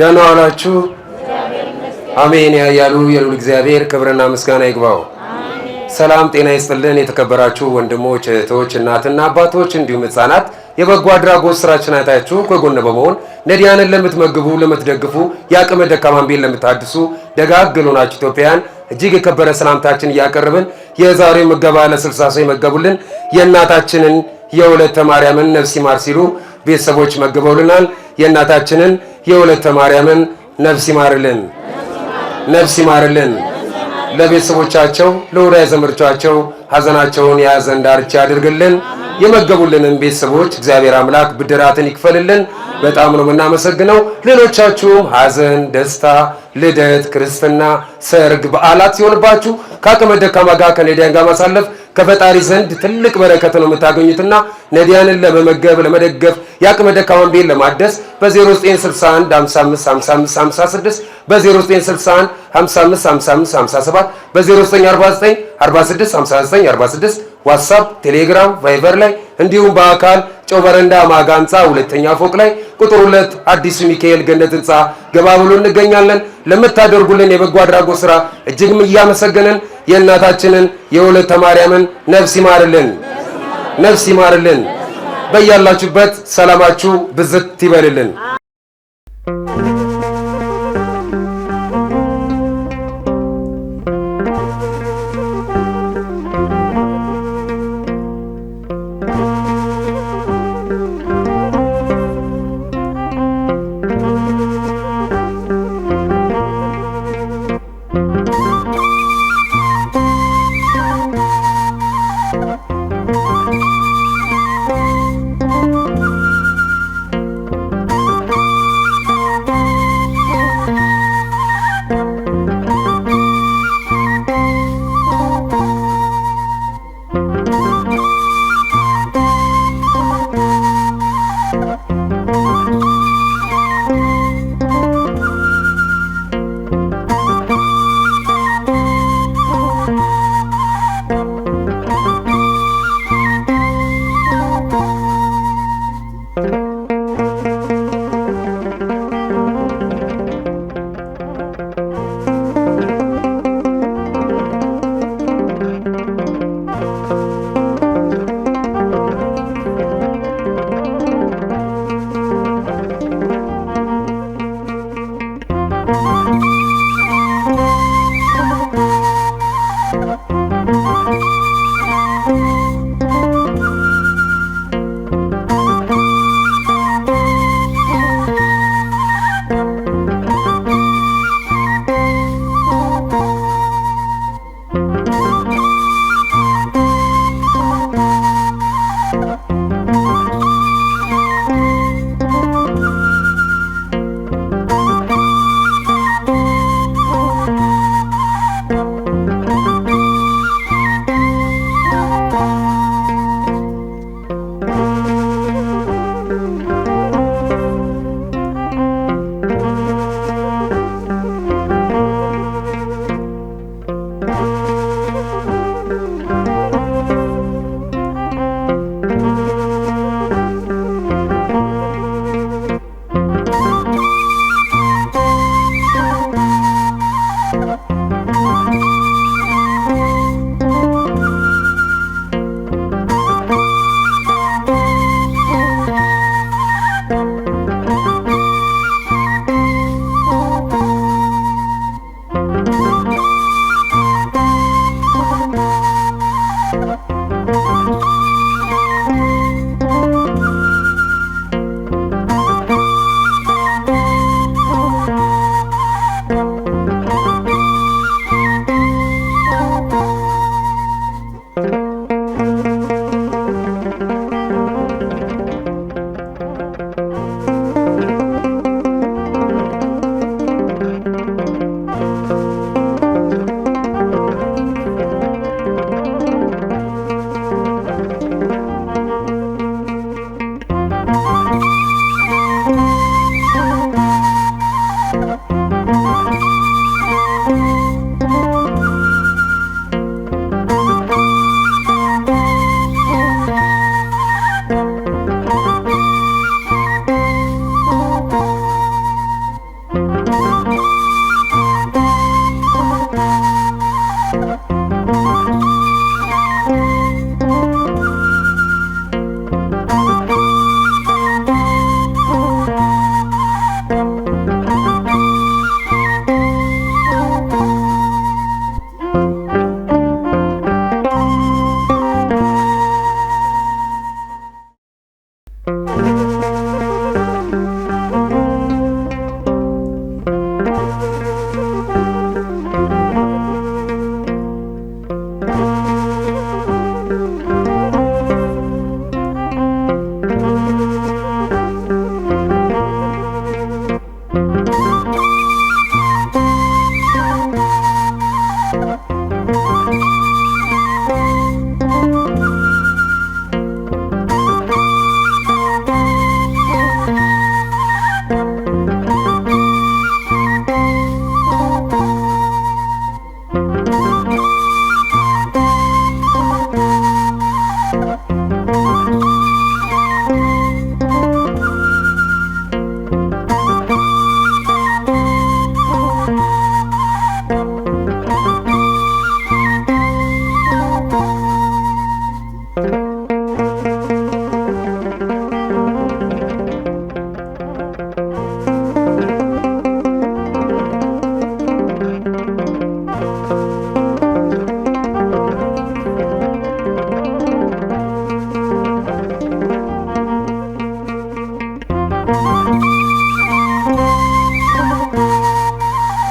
ደህና ዋላችሁ። አሜን ያያሉ የሉል እግዚአብሔር ክብርና ምስጋና ይግባው። ሰላም ጤና ይስጥልን። የተከበራችሁ ወንድሞች እህቶች፣ እናትና አባቶች እንዲሁም ህጻናት የበጎ አድራጎት ስራችን አይታችሁ ከጎን በመሆን ነዲያንን ለምትመግቡ፣ ለምትደግፉ የአቅመ ደካማን ቤት ለምታድሱ ደጋግ ሆናችሁ ኢትዮጵያውያን እጅግ የከበረ ሰላምታችን እያቀረብን የዛሬው ምገባ ለስልሳ ሰው የመገቡልን የእናታችንን የወለተ ማርያምን ነፍስ ይማር ሲሉ ቤተሰቦች መግበውልናል። የእናታችንን የወለተ ማርያምን ነፍስ ይማርልን፣ ነፍስ ይማርልን። ለቤተሰቦቻቸው ለወዳጅ ዘመዶቻቸው ሐዘናቸውን የሐዘን ዳርቻ ያድርግልን። የመገቡልንን ቤተሰቦች እግዚአብሔር አምላክ ብድራትን ይክፈልልን። በጣም ነው የምናመሰግነው። ሌሎቻችሁም ሐዘን፣ ደስታ፣ ልደት፣ ክርስትና፣ ሰርግ፣ በዓላት ሲሆንባችሁ ከአቅመ ደካማ ጋር ከኔዳያን ጋር ማሳለፍ ከፈጣሪ ዘንድ ትልቅ በረከት ነው የምታገኙትና ነዲያንን ለመመገብ ለመደገፍ የአቅመ ደካማን ቤት ለማደስ በ0961 555556 በ0961 555557 በ0949 465946 ዋትሳፕ፣ ቴሌግራም፣ ቫይበር ላይ እንዲሁም በአካል ጨው በረንዳ ማጋ ህንፃ ሁለተኛ ፎቅ ላይ ቁጥር ሁለት አዲሱ ሚካኤል ገነት ህንፃ ገባ ብሎ እንገኛለን። ለምታደርጉልን የበጎ አድራጎት ስራ እጅግም እያመሰገንን የእናታችንን የወለተ ማርያምን ነፍስ ይማርልን፣ ነፍስ ይማርልን። በያላችሁበት ሰላማችሁ ብዝት ይበልልን።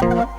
Thank you.